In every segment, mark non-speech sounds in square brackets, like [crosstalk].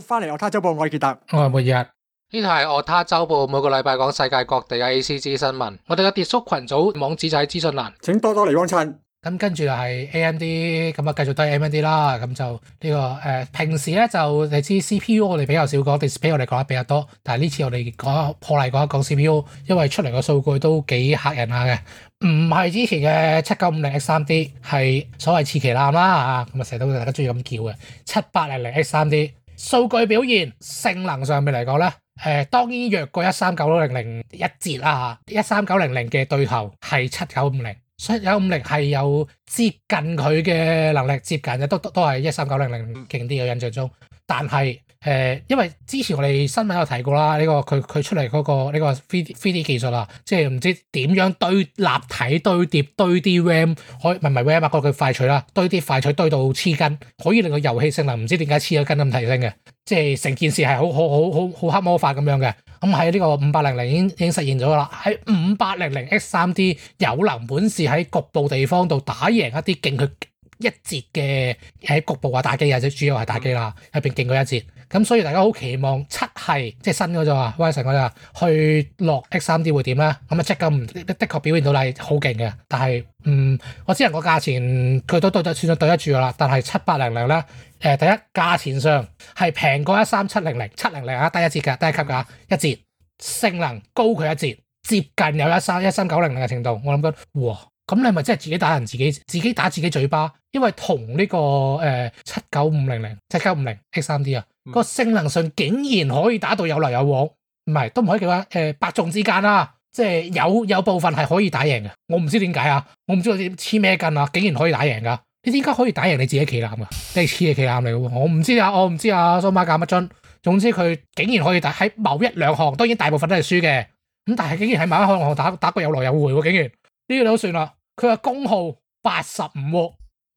翻嚟《OTA 週報》，我係傑特，我係末日。呢度係《OTA 週報》，每個禮拜講世界各地嘅 A C G 新聞。我哋嘅 Discord 群組網址喺資訊欄，請多多嚟幫襯。咁跟住就係 A M D，咁啊繼續都係 A M D 啦。咁就呢、這個、呃、平時咧就你知 C P U 我哋比較少講，display 我哋講得比較多。但係呢次我哋講破例講一講 C P U，因為出嚟嘅數據都幾嚇人下嘅。唔係之前嘅七九五零 X 三 D，係所謂次旗艦啦嚇，咁啊成日都大家中意咁叫嘅七八零零 X 三 D。7000X3D, 數據表現，性能上面嚟講咧，誒、呃、當然弱過13900一三九六零零一截啦，一三九零零嘅對頭係七九五零，七九五零係有接近佢嘅能力，接近嘅都都都係一三九零零勁啲嘅印象中，但係。誒，因為之前我哋新聞有提過啦，呢、這個佢佢出嚟嗰、那個呢、這個 3D 3D 技術啊，即係唔知點樣堆立體堆疊堆啲 RAM，可以唔係 RAM 啊，嗰個佢快取啦，堆啲快取堆到黐筋，可以令個遊戲性能唔知點解黐咗筋咁提升嘅，即係成件事係好好好好好黑魔法咁樣嘅。咁喺呢個5800已經已經實現咗啦，喺5800 X3D 有能本事喺局部地方度打贏一啲勁去。一折嘅喺局部話打機啊，即主要係打機啦，入邊勁過一折咁，所以大家好期望七系即係新嗰隻啊，y 成嗰隻去落 X 三 D 會點咧？咁啊即咁，的確表現到嚟好勁嘅，但係嗯，我只能個價錢佢都對得算對得住啦。但係七八零零咧，誒第一價錢上係平過一三七零零、七零零啊，低一折嘅低一級㗎，一折性能高佢一折，接近有一三一三九零零嘅程度。我諗緊哇，咁你咪即係自己打人自己自己打自己嘴巴。因為同呢、這個7七九五零零七九五零 X 三 D 啊，個、呃 7950, 嗯、性能上竟然可以打到有來有往，唔係都唔可以叫話誒、呃、伯仲之間啦、啊。即係有有部分係可以打贏嘅，我唔知點解啊，我唔知道點黐咩筋啊，竟然可以打贏噶。你點解可以打贏你自己旗艦啊，即係黐嘅旗艦嚟嘅喎，我唔知啊，我唔知啊。蘇媽搞乜樽。總之佢竟然可以打喺某一兩項，當然大部分都係輸嘅。咁但係竟然喺某一兩行打打，打過有來有回喎，竟然呢、這個都算啦。佢嘅功耗八十五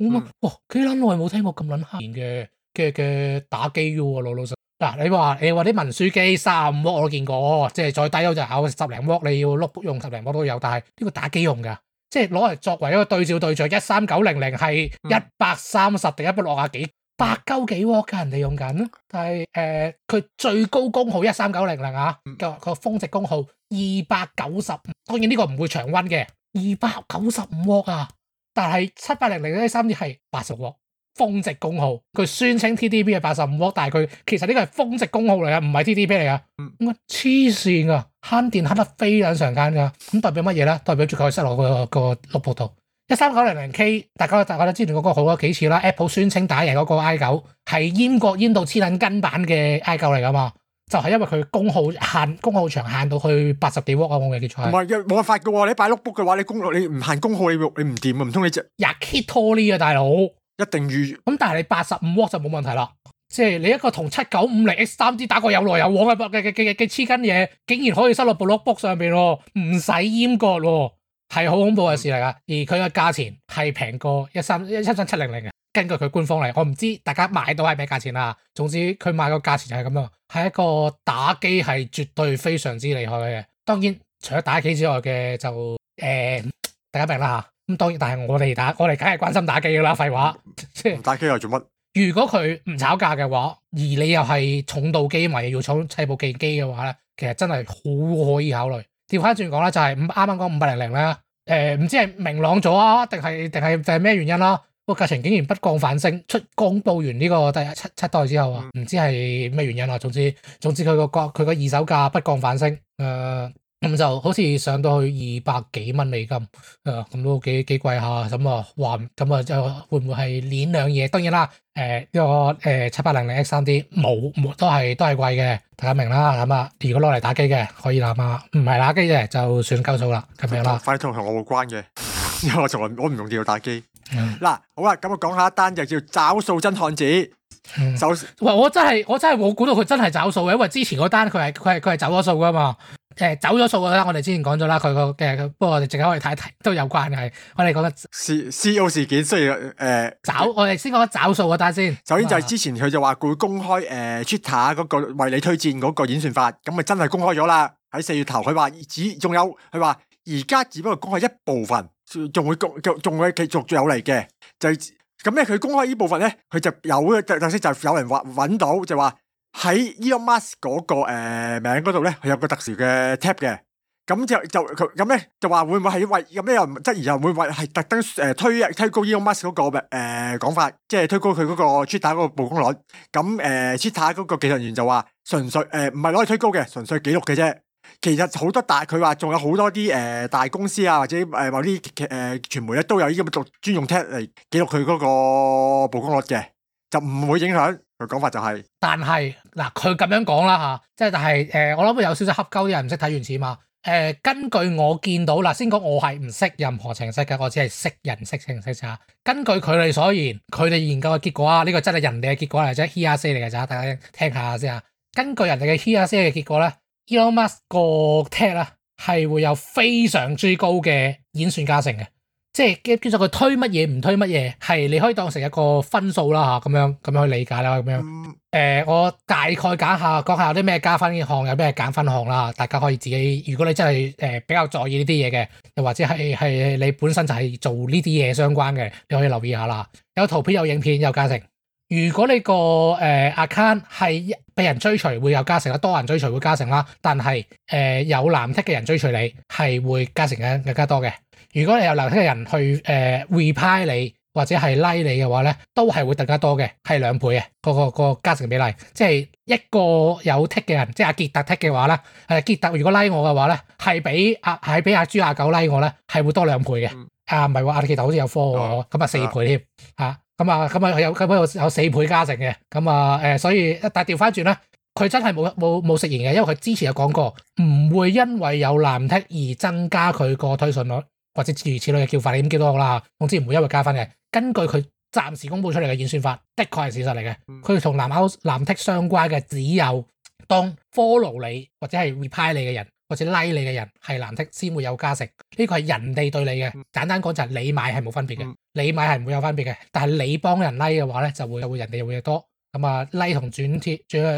我、嗯、哇，幾撚耐冇聽過咁撚慘嘅嘅嘅打機喎老老實。嗱你話你話啲文書機三五瓦我都見過，即係再低優就考十零瓦你要碌用十零瓦都有，但係呢個打機用㗎。即係攞嚟作為一個對照對象，一三九零零係一百三十定一百六啊幾百鳩幾瓦嘅人哋用緊，但係誒佢最高功耗一三九零零啊，個峰值功耗二百九十五，當然呢個唔會長温嘅，二百九十五瓦啊。但係七八零零呢？三至係八十瓦峰值功耗，佢宣稱 TDP 係八十五瓦，但係佢其實呢個係峰值功耗嚟啊，唔係 TDP 嚟啊。黐線噶慳電慳得非常常緊噶，咁代表乜嘢咧？代表住佢失落個個六步圖一三九零零 K，大家大家之前嗰個好多幾次啦，Apple 宣稱打贏嗰個 I 九係英國閹到黐捻筋版嘅 I 九嚟噶嘛。就係、是、因為佢功耗限，功耗長限到去八十幾瓦，我嘅記載。唔係，冇辦法嘅喎！你擺 notebook 嘅話，你功你唔限功耗，你你唔掂啊！唔通你隻日 key 拖呢啊，大佬？一定要。咁但係你八十五瓦就冇問題啦，即、就、係、是、你一個同七九五零 X 三 D 打過有來有往嘅嘅嘅嘅黐筋嘢，竟然可以收落部 notebook 上邊喎，唔使閹割喎，係好恐怖嘅事嚟噶。而佢嘅價錢係平過一三一七七零零嘅，根據佢官方嚟，我唔知大家買到係咩價錢啦。總之佢賣個價錢就係咁咯。係一個打機，係絕對非常之厲害嘅，當然除咗打機之外嘅就誒、呃、大家明啦吓，咁當然，但係我哋打我哋梗係關心打機噶啦，廢話。唔 [laughs] 打機又做乜？如果佢唔炒價嘅話，而你又係重度機迷，又要搶砌部機嘅話咧，其實真係好可以考慮。掉返轉講咧，就係五啱啱講五百零零啦。誒、呃、唔知係明朗咗啊，定係定係定係咩原因啦？個價錢竟然不降反升，出公布完呢個第七七代之後啊，唔知係咩原因啊？總之總之佢個價佢個二手價不降反升，誒、呃、咁就好似上到去二百幾蚊美金，誒咁都幾幾貴下咁啊？還咁啊？就係、嗯、會唔會係連兩嘢？當然啦，誒、呃、呢、這個誒七八零零 X 三 D 冇都係都係貴嘅，大家明啦。咁啊，如果攞嚟打機嘅可以諗下，唔係打機嘅，就算夠數啦，咁樣啦，快啲同我冇關嘅，因為我從來我唔用電腦打機。嗱、嗯啊，好啦、啊，咁我講下一單就叫找數真漢子。喂、嗯，我真係我真係我冇估到佢真係找數嘅，因為之前嗰單佢係佢係佢係走咗數㗎嘛。誒、欸，走咗數嗰單我哋之前講咗啦，佢個嘅，不過我哋靜可以睇一睇，都有關係。我哋覺得 C C O 事件，雖然誒，找我哋先講找數嗰單先、嗯。首先就係之前佢就話佢會公開誒 Twitter 嗰個為你推薦嗰個演算法，咁咪真係公開咗啦。喺四月頭佢話只仲有，佢話而家只不過公開一部分。仲會公仲會繼續有嚟嘅，就咁咩？佢公開呢部分咧，佢就有特特色，就有人揾揾到就話喺 Elon Musk 嗰個誒名嗰度咧，有個特殊嘅 tap 嘅。咁就就咁咧，就話會唔會喺為咁咧，有人質疑又會為係特登誒推推高 Elon Musk 嗰個誒講法，即係推高佢嗰個 Twitter 嗰個曝光率。咁誒 Twitter 嗰個技術人員就話純粹誒唔係攞嚟推高嘅，純粹記錄嘅啫。其實好多大佢話仲有好多啲誒、呃、大公司啊或者誒某啲誒傳媒咧都有呢咁做專用 t 嚟記錄佢嗰個曝光率嘅，就唔會影響佢講法就係、是。但係嗱，佢咁樣講啦吓，即、啊、係但係誒、呃，我諗有少少恰鳩啲人唔識睇原始嘛。誒、呃，根據我見到，嗱，先講我係唔識任何程式嘅，我只係識人識程式咋。根據佢哋所言，佢哋研究嘅結果啊，呢、這個真係人哋嘅結果嚟啫，hearsay 嚟嘅咋，大家聽下先吓。根據人哋嘅 hearsay 嘅結果咧。Elon Musk 個 tag 啦，係會有非常之高嘅演算加成嘅，即係叫做佢推乜嘢唔推乜嘢，係你可以當成一個分數啦嚇，咁樣咁樣去理解啦，咁樣。誒，我大概揀下講下有啲咩加分項，有咩減分項啦，大家可以自己。如果你真係誒比較在意呢啲嘢嘅，又或者係你本身就係做呢啲嘢相關嘅，你可以留意一下啦。有圖片、有影片、有加成。如果你個誒 account 係被人追隨，會有加成啦；多人追隨會加成啦。但係誒有藍剔嘅人追隨你，係會加成嘅更加多嘅。如果你有藍剔嘅人去誒 reply 你或者係拉、like、你嘅話咧，都係會更加多嘅，係兩倍嘅嗰個個加成比例。即係一個有剔嘅人，即係阿傑特剔嘅話咧，誒傑特如果拉、like、我嘅話咧，係俾，俾阿係俾阿豬阿狗拉、like、我咧，係會多兩倍嘅、嗯。啊唔係話阿傑特好似有科我咁啊四倍添嚇。啊咁啊，咁啊，有佢有有四倍加成嘅，咁啊，誒，所以，但係調翻轉啦，佢真係冇冇冇食言嘅，因為佢之前有講過，唔會因為有藍剔而增加佢個推信率，或者諸如此類嘅叫法，你點叫都好啦，總之唔會因為加分嘅。根據佢暫時公佈出嚟嘅演算法，的確係事實嚟嘅。佢同藍歐藍剔相關嘅只有當 follow 你或者係 reply 你嘅人。或者拉、like、你嘅人係藍剔，先會有加成。呢、這個係人哋對你嘅。簡單講就係你買係冇分別嘅，你買係唔會有分別嘅。但係你幫人拉、like、嘅話咧，就會，就會，人會有會人哋會多。咁啊拉同轉貼，仲有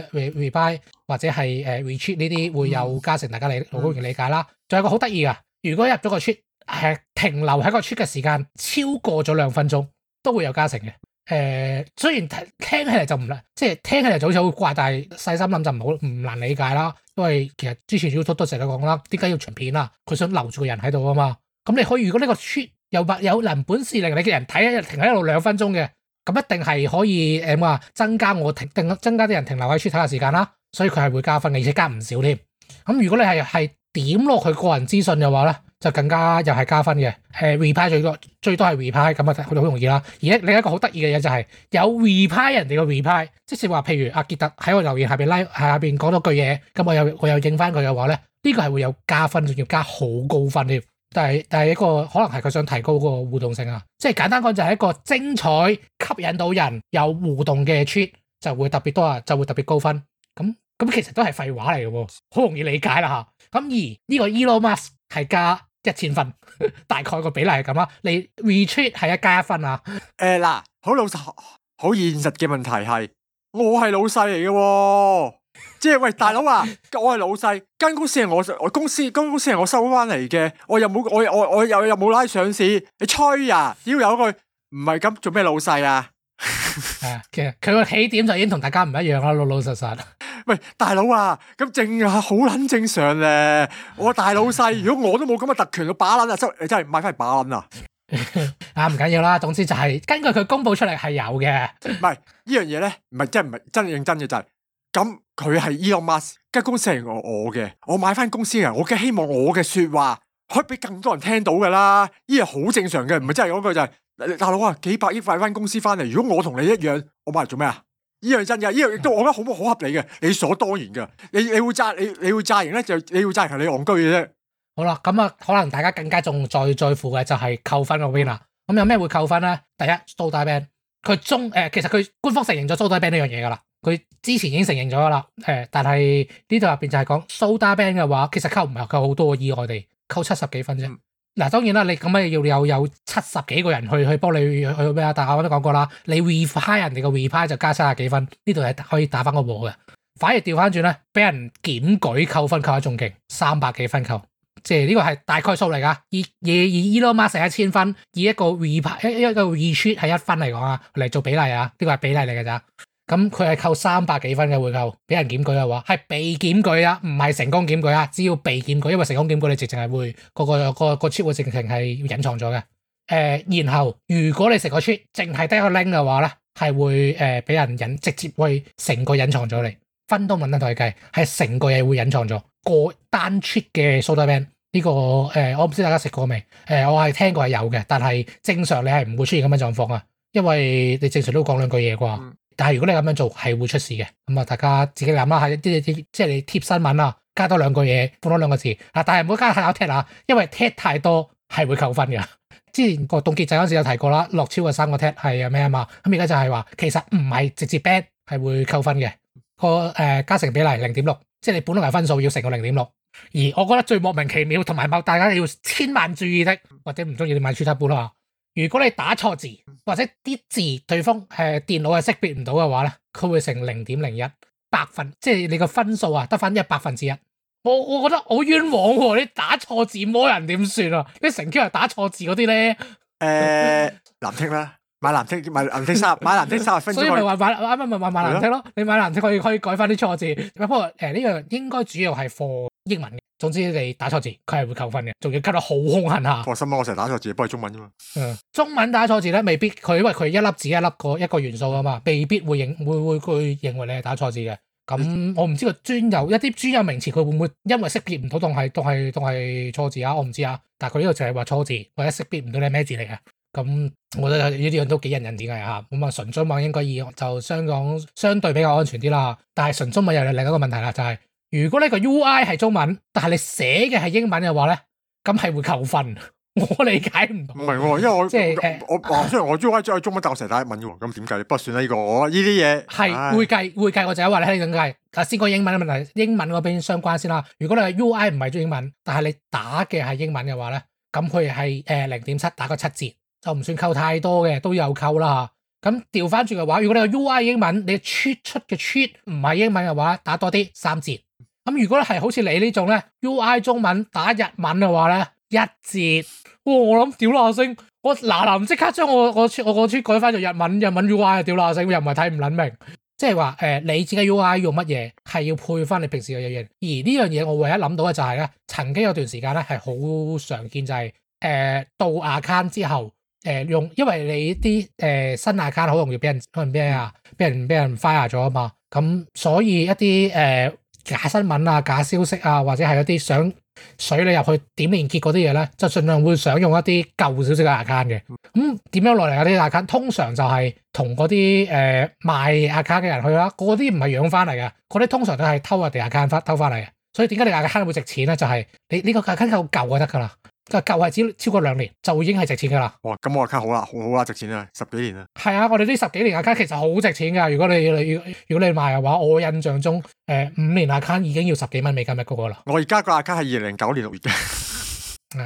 reply 或者係誒 retweet 呢啲會有加成。大家理好容易理解啦。仲有一個好得意嘅，如果入咗個 tweet 係停留喺個 tweet 嘅時間超過咗兩分鐘，都會有加成嘅。誒、呃，雖然聽起嚟就唔即係聽起嚟就好似好怪，但係細心諗就唔好唔難理解啦。因為其實之前小 o 都成日講啦，點解要全片啊？佢想留住個人喺度啊嘛。咁你可以如果呢個出又或有人本事令你嘅人睇一停喺一路兩分鐘嘅，咁一定係可以誒，咁、嗯、啊增加我停定增加啲人停留喺出睇下時間啦。所以佢係會加分嘅，而且加唔少添。咁如果你係係點落佢個人資訊嘅話咧？就更加又係加分嘅，reply 最多最多係 reply 咁啊，佢哋好容易啦。而家另一個好得意嘅嘢就係、是、有 reply 人哋嘅 reply 即係話譬如阿傑特喺我留言下邊拉喺下邊講咗句嘢，咁我又我又應翻佢嘅話咧，呢、這個係會有加分，仲要加好高分添。但係但係一個可能係佢想提高個互動性啊，即係簡單講就係一個精彩吸引到人有互動嘅 tweet 就會特別多啊，就會特別高分。咁咁其實都係廢話嚟嘅喎，好容易理解啦嚇。咁而呢個 Elon Musk 係加。一千分，大概個比例係咁啊。你 retreat 係一加一分啊、欸。誒嗱，好老實，好現實嘅問題係，我係老細嚟嘅，即係喂大佬啊，我係老細，間 [laughs] 公司係我，我，我，我公司公司係我收翻嚟嘅，我又冇，我我我又又冇拉上市，你吹啊！只要有句唔係咁做咩老細啊？啊， [laughs] 其實佢個起點就已經同大家唔一樣啦，老老實實。喂，大佬啊，咁正啊，好捻正常咧、啊。我大老細， [laughs] 如果我都冇咁嘅特權，去把捻 [laughs] 啊，真係真係買翻嚟把捻啦。啊，唔緊要啦，總之就係根據佢公布出嚟係有嘅。唔係呢樣嘢咧，唔係真唔係真認真嘅就係、是、咁。佢係 Elon Musk 嘅公司係我嘅，我買翻公司嘅。我嘅希望，我嘅說話可以俾更多人聽到噶啦。呢樣好正常嘅，唔係真係嗰句就係、是、大佬啊，幾百億買翻公司翻嚟。如果我同你一樣，我買嚟做咩啊？依樣真嘅，依樣亦都我覺得好唔好合理嘅，理所當然嘅。你你會揸你你會揸贏咧，就你會揸贏，你戇居嘅啫。好啦，咁啊，可能大家更加仲再在乎嘅就係扣分嗰邊啦。咁有咩會扣分咧？第一，shadowban，佢中誒、呃，其實佢官方承認咗 shadowban 呢樣嘢噶啦，佢之前已經承認咗噶啦。誒，但係呢度入邊就係講 shadowban 嘅話，其實扣唔係扣好多，意外地，扣七十幾分啫。嗯。嗱，當然啦，你咁樣要又有七十幾個人去去幫你去咩啊？但我都講過啦，你 reply 人哋個 reply 就加七十幾分，呢度係可以打翻個和嘅。反而調翻轉咧，俾人檢舉扣分扣得仲勁，三百幾分扣，即係呢個係大概數嚟噶。以以以 Elo Max 係一千分，以一個 reply 一一個 retweet 係一分嚟講啊，嚟做比例啊，呢、這個係比例嚟噶咋。咁佢係扣三百幾分嘅回扣，俾人檢舉嘅話，係被檢舉啊，唔係成功檢舉啊。只要被檢舉，因為成功檢舉你直情係會個個個個 tweet 會直情係隱藏咗嘅。然後如果你食個 tweet 淨係得一個 link 嘅話咧，係會誒俾人隱直接會成個隱藏咗你分都冇得同你計，係成個嘢會隱藏咗個單 tweet 嘅 shadow ban 呢個誒、呃，我唔知大家食過未、呃？我係聽過有嘅，但係正常你係唔會出現咁嘅狀況啊，因為你正常都講兩句嘢啩。嗯但係如果你咁樣做係會出事嘅，咁啊大家自己諗啦。一即係你貼新聞啊，加多兩句嘢，放多兩個字啊，但係唔好加太多 tag 啦，因為 tag 太多係會扣分嘅。之前個凍結仔嗰陣時有提過啦，落超過三個 tag 係咩啊嘛？咁而家就係話其實唔係直接 bad 係會扣分嘅，個誒加成比例零點六，即係你本嚟分數要乘個零點六。而我覺得最莫名其妙同埋冇大家要千萬注意的，或者唔中意你買輸卡本啦。如果你打錯字或者啲字對方誒電腦係識別唔到嘅話咧，佢會成零點零一百分，即係你個分數啊得翻一百分之一。我我覺得好冤枉喎，啊，你打錯字摸人點算啊？你成 Q 日打錯字嗰啲咧，誒、呃，藍剔啦，買藍剔，買藍剔衫，買藍剔衫。 [laughs] 所以咪買 [laughs] 買啱啱咪買藍剔咯，你買藍剔可以可以改翻啲錯字。不過誒呢樣應該主要係貨，英文嘅，總之你打錯字，佢係會扣分嘅，仲要 cut 得好凶狠下。放心啦，我成日打錯字，不過係中文啫嘛。嗯，中文打錯字咧，未必佢，因為佢一粒字一粒個一個元素啊嘛，未必會認會會佢認為你係打錯字嘅。咁我唔知個專有一啲專有名詞，佢會唔會因為識別唔到，當係都係都係錯字啊？我唔知啊。但係佢呢度就係話錯字，或者識別唔到你係咩字嚟嘅。咁我覺得呢啲樣都幾引人注目啊。咁啊，純中文應該就相講相對比較安全啲啦。但係純中文又有另一個問題啦，就係、是。如果呢個 UI 係中文，但係你寫嘅係英文嘅話咧，咁係會扣分。我理解唔明白，因為我即係、就是、我，因為我， [laughs] 我，我，我 UI 即係中文，但我成日打英文、 [laughs] 這個哦哎、英文喎，咁點計咧？不算啦，呢個呢啲嘢係會計會計，我就係話你係咁計。但先講英文嘅問題，英文嗰邊相關先啦。如果你係 UI 唔係中英文，但係你打嘅係英文嘅話咧，咁佢係誒零點七打個七折，就唔算扣太多嘅，都有扣啦嚇。咁調翻轉嘅話，如果你個 UI 英文，你輸出嘅輸唔係英文嘅話，打多啲三折。咁如果咧係好似你呢種咧，U I 中文打日文嘅話咧，一折，哇！我諗屌啦，阿星，我嗱嗱即刻將我我我出改翻做日文，日文 U I 啊，屌啦，阿星，又唔係睇唔捻明，即係話誒，你自己 U I 用乜嘢，係要配翻你平時嘅嘢嘢。而呢樣嘢我唯一諗到嘅就係咧，曾經有段時間咧係好常見就係，誒，到 account 之後，誒用，因為你啲誒新 account 好容易俾人可能俾啊，俾人俾人 fire 咗啊嘛，咁所以一啲誒。呃假新聞啊、假消息啊，或者係有啲想水你入去點連結嗰啲嘢呢，就盡量會想用一啲舊少少嘅 account 嘅。咁點樣落嚟嗰啲 account？通常就係同嗰啲誒賣 account 嘅人去啦。嗰啲唔係養返嚟㗎，嗰啲通常都係偷啊人哋 account 偷返嚟嘅。所以點解你 account 會值錢呢？就係、是、你呢個 account 夠舊就得㗎啦。舊係超過兩年就已經係值錢噶啦、啊。哇，咁我個卡好啦，好好啦，值錢啦，十幾年啦。係啊，我哋呢十幾年嘅卡其實好值錢噶。如果你要，如果你賣嘅話，我印象中誒、呃，五年嘅卡已經要十幾蚊美金一個個啦。我而家個卡係二零零九年六月嘅。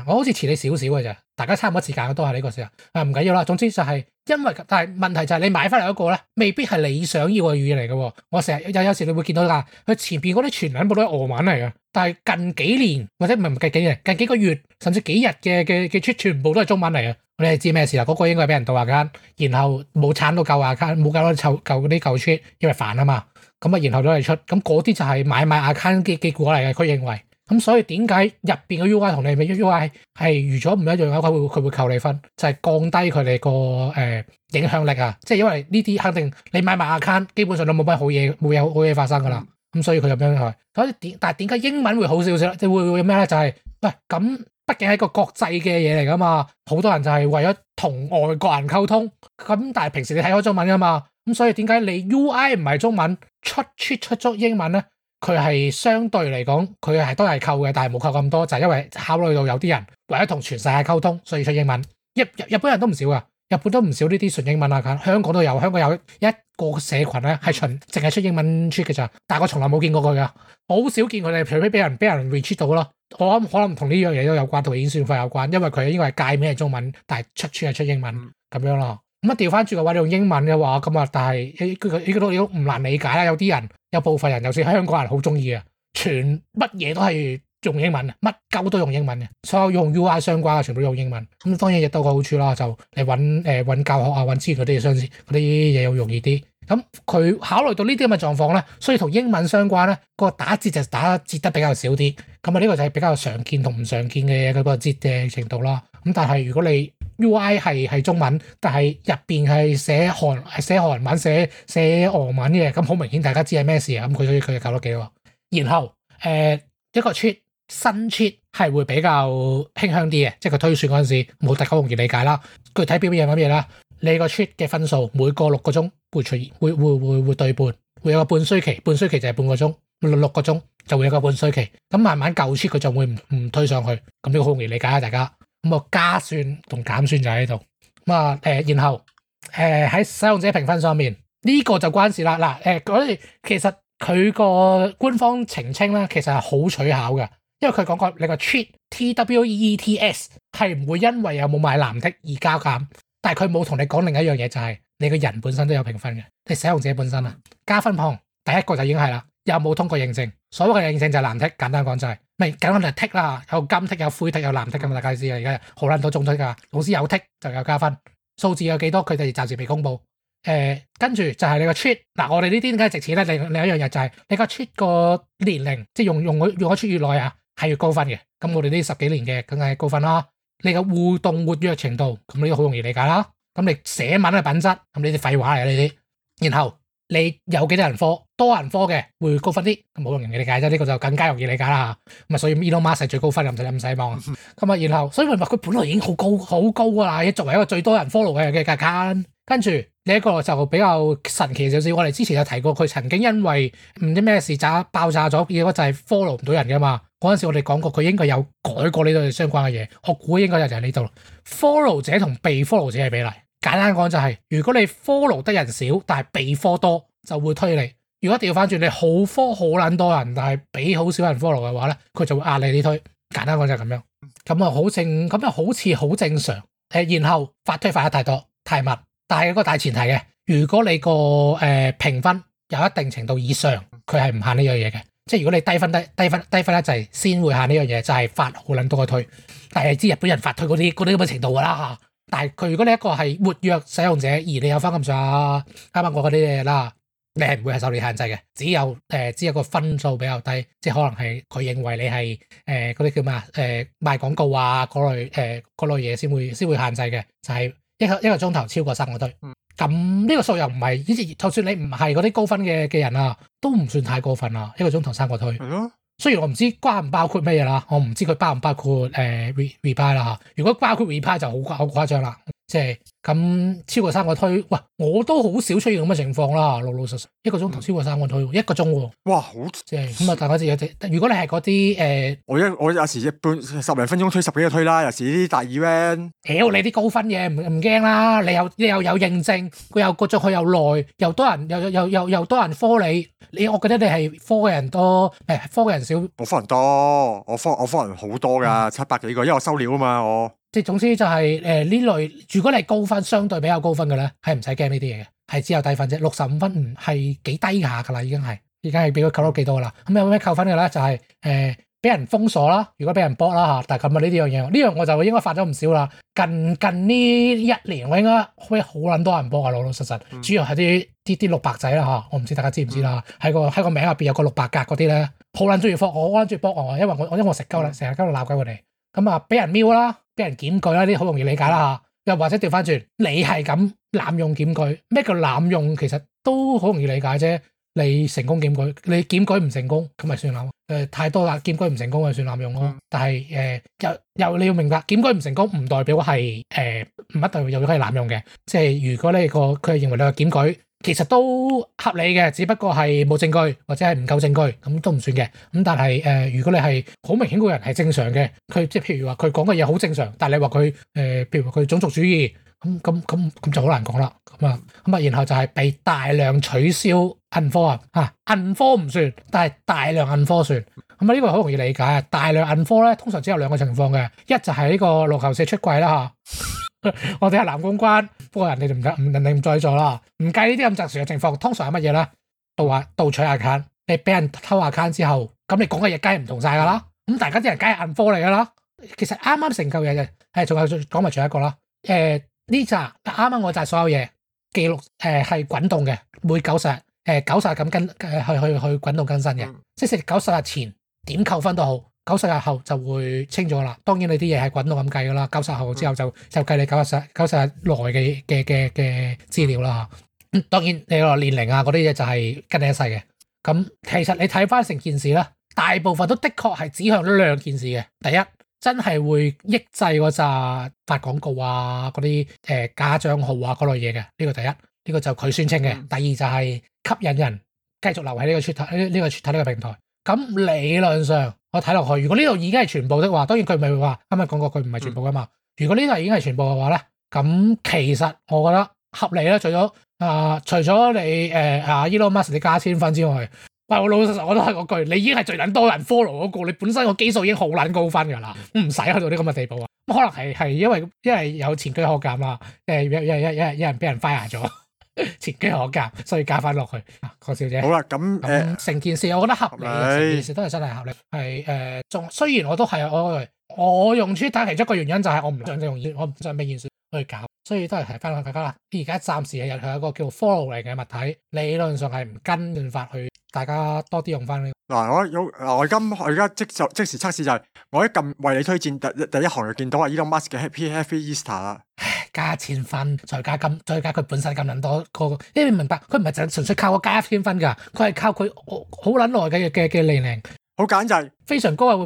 我好似遲你少少嘅咋，大家差唔多時間都係呢個時候。啊，唔緊要啦，總之就係因為，但係問題就係你買翻嚟嗰個咧，未必係你想要嘅語言嚟嘅。我成日有有時你會見到啦，佢前邊嗰啲全部都係俄文嚟嘅，但係近幾年或者唔係唔計幾年，近幾個月甚至幾日嘅嘅嘅出全部都係中文嚟嘅。你係知咩事啦？嗰個應該係俾人盜 account，然後冇鏟到舊 account，冇搞到湊夠嗰啲舊出，因為煩啊嘛。咁啊，然後攞嚟出，咁嗰啲就係買賣 account 嘅結果嚟嘅。佢認為。咁所以點解入面嘅 UI 同你咪 UI 係？如果唔一樣嘅話，佢會佢會扣你分，就係、是、降低佢哋個影響力啊！即、就、係、是、因為呢啲肯定你買埋 account，基本上都冇乜好嘢，冇有好嘢發生噶啦。咁所以佢就咁樣去。所以但係點解英文會好少少即係會會咩咧？就係、是、喂咁，畢竟係一個國際嘅嘢嚟噶嘛。好多人就係為咗同外國人溝通。咁但係平時你睇開中文噶嘛。咁所以點解你 UI 唔係中文，出出出足英文咧？佢係相對嚟講，佢係都係扣嘅，但係冇扣咁多，就係因為考慮到有啲人為咗同全世界溝通，所以出英文。日日日本人都唔少噶，日本都唔少呢啲純英文啊。香港都有，香港有一個社群咧係純淨係出英文出嘅咋，但係我從來冇見過佢噶，好少見佢哋，除非俾人俾人 reach 到咯。我諗可能同呢樣嘢都有關，同演算法有關，因為佢呢個係界面係中文，但係出處係出英文咁樣咯。咁調調翻轉嘅話，用英文嘅話，咁啊，但係個佢佢都唔難理解啦。有啲人，有部分人，尤其香港人，好鍾意啊。全乜嘢都係用英文啊，乜鳩都用英文嘅。所有用 U I 相關啊，全部用英文。咁當然亦都個個好處啦，就嚟揾、呃、揾教學啊，揾資料啲嘢相似嗰啲嘢又容易啲。咁、嗯、佢考慮到呢啲咁嘅狀況咧，所以同英文相關咧，個打折就打折得比較少啲。咁啊，呢個就係比較常見同唔常見嘅嘢嗰個折嘅程度啦。咁但係如果你 UI 係係中文，但係入邊係寫韓係寫韓文、寫寫俄文嘅，咁好明顯大家知係咩事啊？咁佢所以佢就扣多幾喎。然後誒、呃、一個 tweet 新 tweet 係會比較輕香啲嘅，即係佢推算嗰陣時冇特好容易理解啦。具體表現係乜嘢啦？你個 tweet 嘅分數每個六個鐘會隨會會會會對半，會有個半衰期。半衰期就係半個鐘，六六個鐘就會有個半衰期。咁慢慢舊 tweet 佢就會唔唔推上去，咁呢個好容易理解啊，大家。咁啊，加算同減算就喺度咁啊。誒，然後誒喺、呃、使用者評分上面呢、這個就關事啦嗱。誒、呃，嗰時其實佢個官方澄清呢，其實係好取巧㗎，因為佢講過你個 tweet TWEETS 係唔會因為有冇買藍剔而加減，但係佢冇同你講另一樣嘢就係、是、你個人本身都有評分嘅，你使用者本身啊加分項第一個就已經係啦。又有冇通過認證？所謂嘅認證就係藍剔，簡單講就係、是，咪係簡單嚟剔啦。有金剔，有灰剔，有藍剔，咁大家知啊，而家好難都中咗㗎。老師有剔就有加分，數字有幾多佢哋暫時未公布。誒、呃，跟住就係你個 tree 嗱、啊，我哋呢啲點解值錢咧？你你一樣嘢就係、是、你個 tree 個年齡，即係用用佢用咗出越耐啊，係越高分嘅。咁我哋呢十幾年嘅梗係高分啦。你個互動活躍程度，咁呢都好容易理解啦。咁你寫文嘅品質，咁呢啲廢話嚟呢啲。然後。你有幾多人 follow？多人 follow 嘅會高分啲，冇咁容易理解啫，呢個就更加容易理解啦吓。咁啊，所以 Elon Musk 係最高分嘅，唔使望咁啊，然後所以咪佢本來已經好高好高噶啦，作為一個最多人 follow 嘅人嘅格間。跟住呢一個就比較神奇，少少。我哋之前有提過，佢曾經因為唔知咩事炸爆炸咗，結果就係 follow 唔到人噶嘛。嗰陣時我哋講過，佢應該有改過呢度相關嘅嘢，我估應該就就係呢度 follow 者同被 follow 者嘅比例。簡單講就係、是，如果你 follow 得人少，但係被科多，就會推你。如果調翻轉，你好科好撚多人，但係俾好少人 follow 嘅話咧，佢就會壓力你呢推。簡單講就係咁樣，咁啊好正，咁啊好似好正常。誒，然後發推發得太多太密，但係有個大前提嘅，如果你個誒評分有一定程度以上，佢係唔限呢樣嘢嘅。即係如果你低分低低分低分咧，就係先會限呢樣嘢，就係、是、發好撚多嘅推。但係知日本人發推嗰啲嗰啲咁程度㗎啦嚇。但係佢，如果你一個係活躍使用者，而你有翻咁上下啱啱我嗰啲嘢啦，你係唔會係受你限制嘅。只有誒、呃，只有一個分數比較低，即係可能係佢認為你係誒嗰啲叫咩啊？誒、呃、賣廣告啊嗰類誒嗰、呃、類嘢先會先會限制嘅。就係、是、一個一個鐘頭超過三個推，咁呢個數又唔係，就算你唔係嗰啲高分嘅嘅人啊，都唔算太過分啊。一個鐘頭三個推係咯。嗯雖然我唔知道瓜唔包括咩嘢啦，我唔知佢包唔包括誒、呃、re-repair 啦。如果包括 repair 就好好誇張啦，即係。就是咁超過三個推，喂，我都好少出現咁嘅情況啦。老老實實一個鐘頭超過三個推，嗯、一個鐘喎。哇，好正！係咁啊！大家如果你係嗰啲誒，我、呃、一我有時一半十零分鐘推十幾個推啦，有時啲大 event，哎，屌你啲高分嘢唔唔驚啦，你又你有有認證，佢又佢做佢又耐，又多人又又又又又多人科你，你我覺得你係科嘅人多科嘅人少。我科人多，我科我科人好多㗎，嗯，七百幾個，因為我收料啊嘛我。總之就係誒呢類，如果你是高分相對比較高分嘅咧，係唔使驚呢啲嘢嘅，係只有低分啫。六十五分係幾低下㗎啦，已經係已經係俾佢扣咗幾多㗎啦。咁有咩扣分嘅咧？就係誒俾人封鎖啦，如果俾人博啦嚇，但係今日呢啲樣嘢呢樣我就應該發咗唔少啦。近近呢一年我應該會好撚多人博啊，老老實實。主要係啲啲啲六百仔啦嚇，我唔知大家知唔知啦。喺個喺個名入邊有個六百格嗰啲咧，好撚最中意博我，我撚最中意博我，因為我我因為我食夠啦，成日喺度鬧鬼佢哋咁啊，俾人瞄啦。俾人檢舉啦，呢啲好容易理解啦吓，又或者調翻轉，你係咁濫用檢舉，咩叫濫用？其實都好容易理解啫。你成功檢舉，你檢舉唔成功咁咪算啦。誒、呃，太多啦，檢舉唔成功就算濫用咯、嗯。但係誒、呃，又又，又你要明白，檢舉唔成功唔代表係誒，唔、呃、一定又要係濫用嘅。即係如果你個佢係認為你係檢舉。其實都合理嘅，只不過係冇證據或者係唔夠證據，咁都唔算嘅。咁但係誒、呃，如果你係好明顯個人係正常嘅，佢即係譬如話佢講嘅嘢，好正常，但係你話佢誒，譬如話佢種族主義，咁咁咁咁就好難講啦。咁啊咁啊，然後就係被大量取消硬科啊吓，硬科唔算，但係大量硬科算。咁、嗯、啊、呢、這個好容易理解。大量硬科咧，通常只有兩個情況嘅，一就係呢個六球社出櫃啦吓。 [laughs] 我哋係藍公關，不過人哋就唔得，人哋唔再做啦。唔計呢啲咁特殊嘅情況，通常係乜嘢咧？盜話、盜取 account 你俾人偷 account 之後，咁你講嘅嘢梗係唔同晒噶啦。咁大家啲人梗係硬科嚟噶啦。其實啱啱成嚿嘢嘅，誒、哎，仲有講埋仲一個啦。誒、哎，呢就啱啱我就所有嘢記錄，誒係滾動嘅，每九十日，誒九十日咁跟，去去滾動更新嘅，即係九十日前點扣分都好。九十日後就會清咗啦。當然你啲嘢係滾動咁計噶啦。九十日後之後就就計你九十日九十日內嘅嘅嘅嘅資料啦嚇。當然你個年齡啊嗰啲嘢就係跟你一世嘅。咁其實你睇翻成件事啦，大部分都的確係指向兩件事嘅。第一，真係會抑制嗰紮發廣告啊嗰啲誒假帳號啊嗰類嘢嘅。呢、這個第一，呢、這個就佢宣稱嘅。第二就係吸引人繼續留喺呢、這個出呢呢個出呢、這個這個平台。咁理論上我睇落去，如果呢度已經係全部的話，當然佢咪話，今日講過佢唔係全部噶嘛。如果呢度已經係全部嘅話咧，咁其實我覺得合理啦。除咗啊、呃，除咗你誒啊、呃、Elon Musk 你加千分之外，喂，我老老實實我都係嗰句，你已經係最撚多人 follow 嗰、那個，你本身個基數已經好撚高分㗎啦，唔使去到呢咁嘅地步啊。咁可能係係因為因為有前車可鑑啦，誒、呃，有有有有人俾人 fire 咗。 [laughs] 前機可教，所以加翻落去。郭小姐，好啦，咁成、呃、件事，我覺得合理。成件事都係真係合理。係誒，仲、呃、雖然我都係，我是我用 Twitter 其中一個原因就係我唔想用我唔想俾件事去搞，所以都係提翻大家啦。而家暫時係有一個叫 follow 嚟嘅物體，理論上係唔跟算法去，大家多啲用翻、這個。嗱，我有嗱，我而家我而家即即時測試就係、是、我一撳為你推薦第第一行就見到啊，呢個 Musk 嘅 Happy Happy Easter 啦。加千分再加金，再加佢本身咁捻多個，你明唔明白佢唔係就純粹靠個加一千分噶，佢係靠佢好好捻耐嘅嘅嘅年齡。好簡單就係、是、非常高啊！佢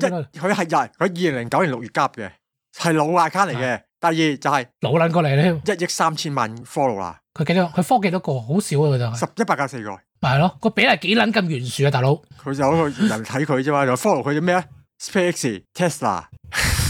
係日佢二零零九年六月急嘅，係老 account 嚟嘅。第二就係、是、老捻過嚟咧，一億三千萬 follow 啦。佢幾多？佢 follow 幾多個？好少啊！佢就十一百加四個。係、就、咯、是，個比例幾捻咁懸殊啊，大佬。佢就有一個人睇佢啫嘛，又 [laughs] follow 佢啲咩啊？SpaceX、Tesla。 [laughs]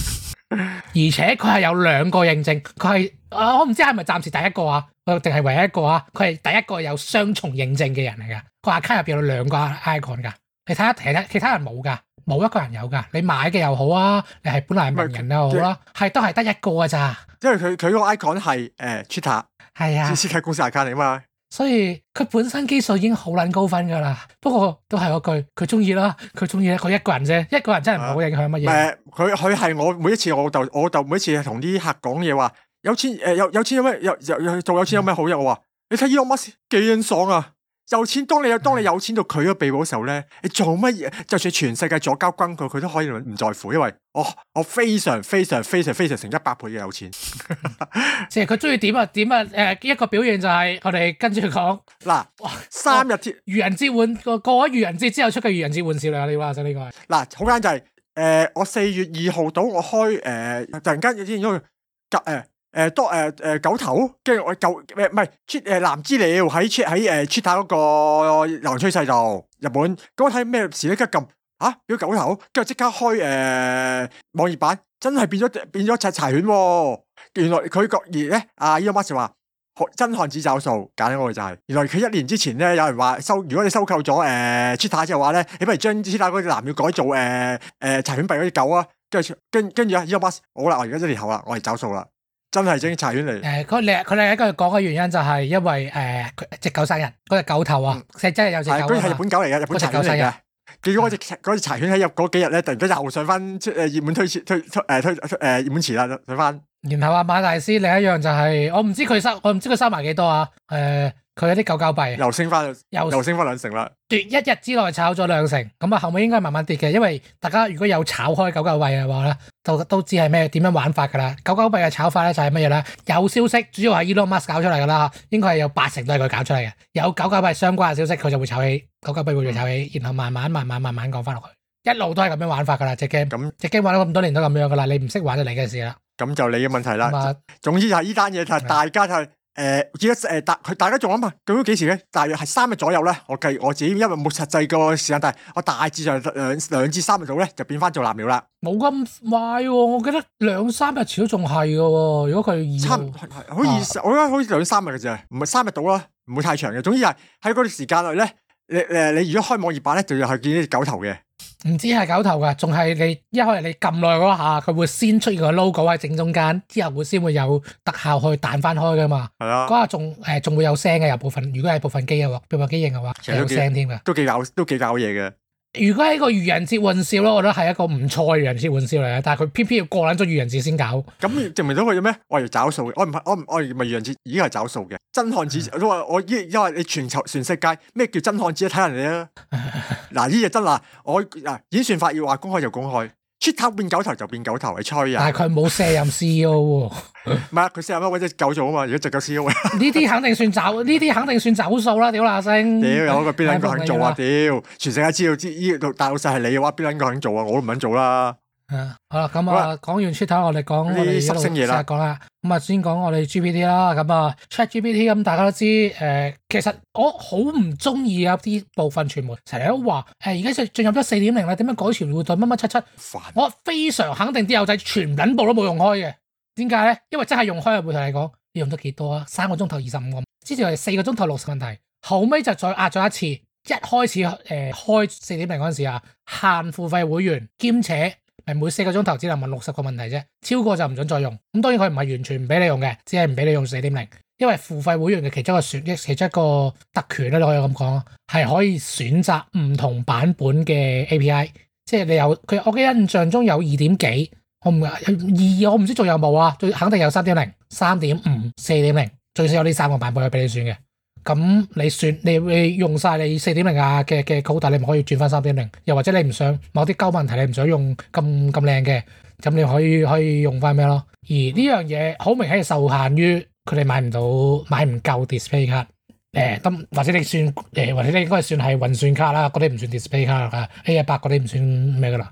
而且佢係有兩個認證，佢係我唔知係咪暫時第一個啊，定係唯一一個啊？佢係第一個有雙重認證嘅人嚟噶，個 account 入邊有兩個 icon 噶，其他其他其他人冇噶，冇一個人有噶。你買嘅又好啊，你係本來係乜人都好啦，係都係得一個噶咋？因為佢佢個 icon 係誒 Twitter，係啊，即係公司 account 嚟嘛。所以佢本身基數已經好撚高分噶啦，不過都係嗰句，佢中意啦，佢中意佢一個人啫，一個人真係唔好影響乜嘢。唔佢佢係我每一次，我就我就每一次同啲客講嘢話，有錢誒、呃，有有錢有咩，有有,有做有錢有咩好嘢、嗯，我話你睇 Elon Musk 幾欣爽啊！有錢，當你有當你有錢到佢個鼻部時候咧，你做乜嘢？就算全世界阻交軍佢，佢都可以唔在乎，因為我我非常非常非常非常成一百倍嘅有錢。其實佢中意點啊？點啊？誒、呃，一個表現就係我哋跟住講嗱，三日前、哦、愚人節換個過咗愚人節之後出嘅愚人節玩笑嚟你話真呢個？嗱，好簡單就誒、是呃，我四月二號到我開誒、呃，突然間之前因為誒。呃誒，多誒誒狗頭，跟住我狗誒唔係 Twitter 誒藍資料喺 Twitter 喺誒 Twitter 嗰個流行趨勢度，日本咁我睇咩事咧，即刻撳吓，如果狗頭，跟住即刻開誒網頁版，真係變咗變咗一隻柴犬喎。原來佢個二咧，啊，伊隆馬斯克話真漢子找數，簡單嗰句就係，原來佢一年之前咧有人話收，如果你收購咗誒 Twitter 之後話咧，你不如將 Twitter 嗰隻藍鳥改造誒誒柴犬幣嗰隻狗啊，跟住跟跟住啊，伊隆馬斯克，好啦，我而家一年後啦，我嚟找數啦。真係整啲柴犬嚟。誒、嗯，佢你佢另一句講嘅原因就係因為誒隻、呃、狗殺人，嗰隻狗頭啊，係、嗯、真係有隻狗。佢、啊、係日本狗嚟嘅，日本柴犬嚟嘅。結果嗰隻隻柴犬喺入嗰幾日咧，突然間就後上翻出誒熱門推出誒推誒熱、呃、門詞啦，上翻。然後啊，馬大師另一樣就係、是、我唔知佢收我唔知佢收埋幾多啊？誒、呃，佢有啲狗狗幣。又升翻又,又升翻兩成啦！跌一日之內炒咗兩成，咁啊後尾應該慢慢跌嘅，因為大家如果有炒開狗狗幣嘅話咧。都知係咩點樣玩法噶啦，狗狗幣嘅炒法咧就係乜嘢咧？有消息，主要係 Elon Musk 搞出嚟噶啦，應該係有八成都係佢搞出嚟嘅。有狗狗幣相關嘅消息，佢就會炒起狗狗幣，狗狗幣會再炒起，然後慢慢、慢慢、慢慢降翻落去，一路都係咁樣玩法噶啦隻 game、嗯。隻、這個、game 玩咗咁多年都咁樣噶啦，你唔識玩就你嘅事啦。咁就你嘅問題啦、嗯。總之就係呢單嘢就係大家就。誒，記得誒，大佢大家仲諗下，究竟幾時咧？大約係三日左右咧，我計我自己因為冇實際個時間，但係我大致上兩兩至三日度咧就變翻做藍鳥啦。冇咁快、哦，我記得兩三日前都仲係噶，如果佢二七，好二十，我覺得好似兩三日嘅啫，唔、啊、係三日到啦，唔會太長嘅。總之係喺嗰段時間內咧，你誒，你如果開網頁版咧，就要去見啲狗頭嘅。唔知係狗頭㗎，仲係你一係你撳耐嗰下，佢會先出現個 logo 喺正中間，之後會先會有特效去彈返開㗎嘛。嗰下仲呃仲會有聲嘅，有部分如果係部分機嘅話，部分機型嘅話其實還有聲添噶，都幾搞都幾搞嘢嘅。如果喺一個愚人節玩笑咯，我覺得係一個唔錯嘅愚人節玩笑嚟嘅，但係佢偏偏要過捻咗愚人節先搞、嗯。咁證明咗佢個咩？我係找數，我唔係我唔係愚人節，已經係找數嘅真漢子。嗯、我話我依因為你全球全世界咩叫真漢子啊？睇人哋啦。嗱呢隻真啦，我嗱演算法要話公開就公開。出頭變狗頭就變狗頭，你吹啊！但係佢冇卸任 CEO 唔係佢卸任一位隻狗做啊嘛，如果隻狗 CEO 呢啲肯定算走，呢 [laughs] 啲肯定算走數啦，屌啦星。屌， [laughs] 有個邊撚個肯做啊？屌，全世界知道知呢度大老細係你嘅話，邊撚個肯做啊？我都唔肯做啦。嗯、好啦，咁、嗯、啊，講、嗯嗯嗯、完出頭我哋講、嗯、我哋新路成日講啦。咁啊，先講我哋 GPT 啦。咁啊，Chat GPT 咁，大家都知誒、呃，其實我好唔中意有啲部分傳媒成日都話，誒而家進進入咗四點零啦，點樣改傳媒會對乜乜七七。煩！我非常肯定啲友仔全唔部都冇用開嘅。點解咧？因為真係用開嘅問題嚟講，你用得幾多啊？三個鐘頭二十五個，之前係四個鐘頭六十問題，後尾就再壓咗一次。一開始誒、呃、開四點零嗰陣時啊，限付費會員，兼且。每四個鐘頭只能問六十個問題啫，超過就唔准再用。咁當然佢唔係完全唔畀你用嘅，只係唔畀你用四點零，因為付費會員嘅其中一個選，其中一個特權你可以咁講，係可以選擇唔同版本嘅 API，即係你有佢。我嘅印象中有二點幾，我唔二我唔知仲有冇啊，最肯定有三點零、三點五、四點零，最少有呢三個版本係畀你選嘅。咁你算你會用晒你四點零啊嘅嘅高達，但你咪可以轉翻三點零，又或者你唔想某啲鳩問題，你唔想用咁咁靚嘅，咁你可以可以用翻咩咯？而呢樣嘢好明顯係受限於佢哋買唔到買唔夠 display 卡咁、呃、或者你算、呃、或者你應該算係運算卡啦，嗰啲唔算 display 卡啊 A 一百嗰啲唔算咩㗎啦。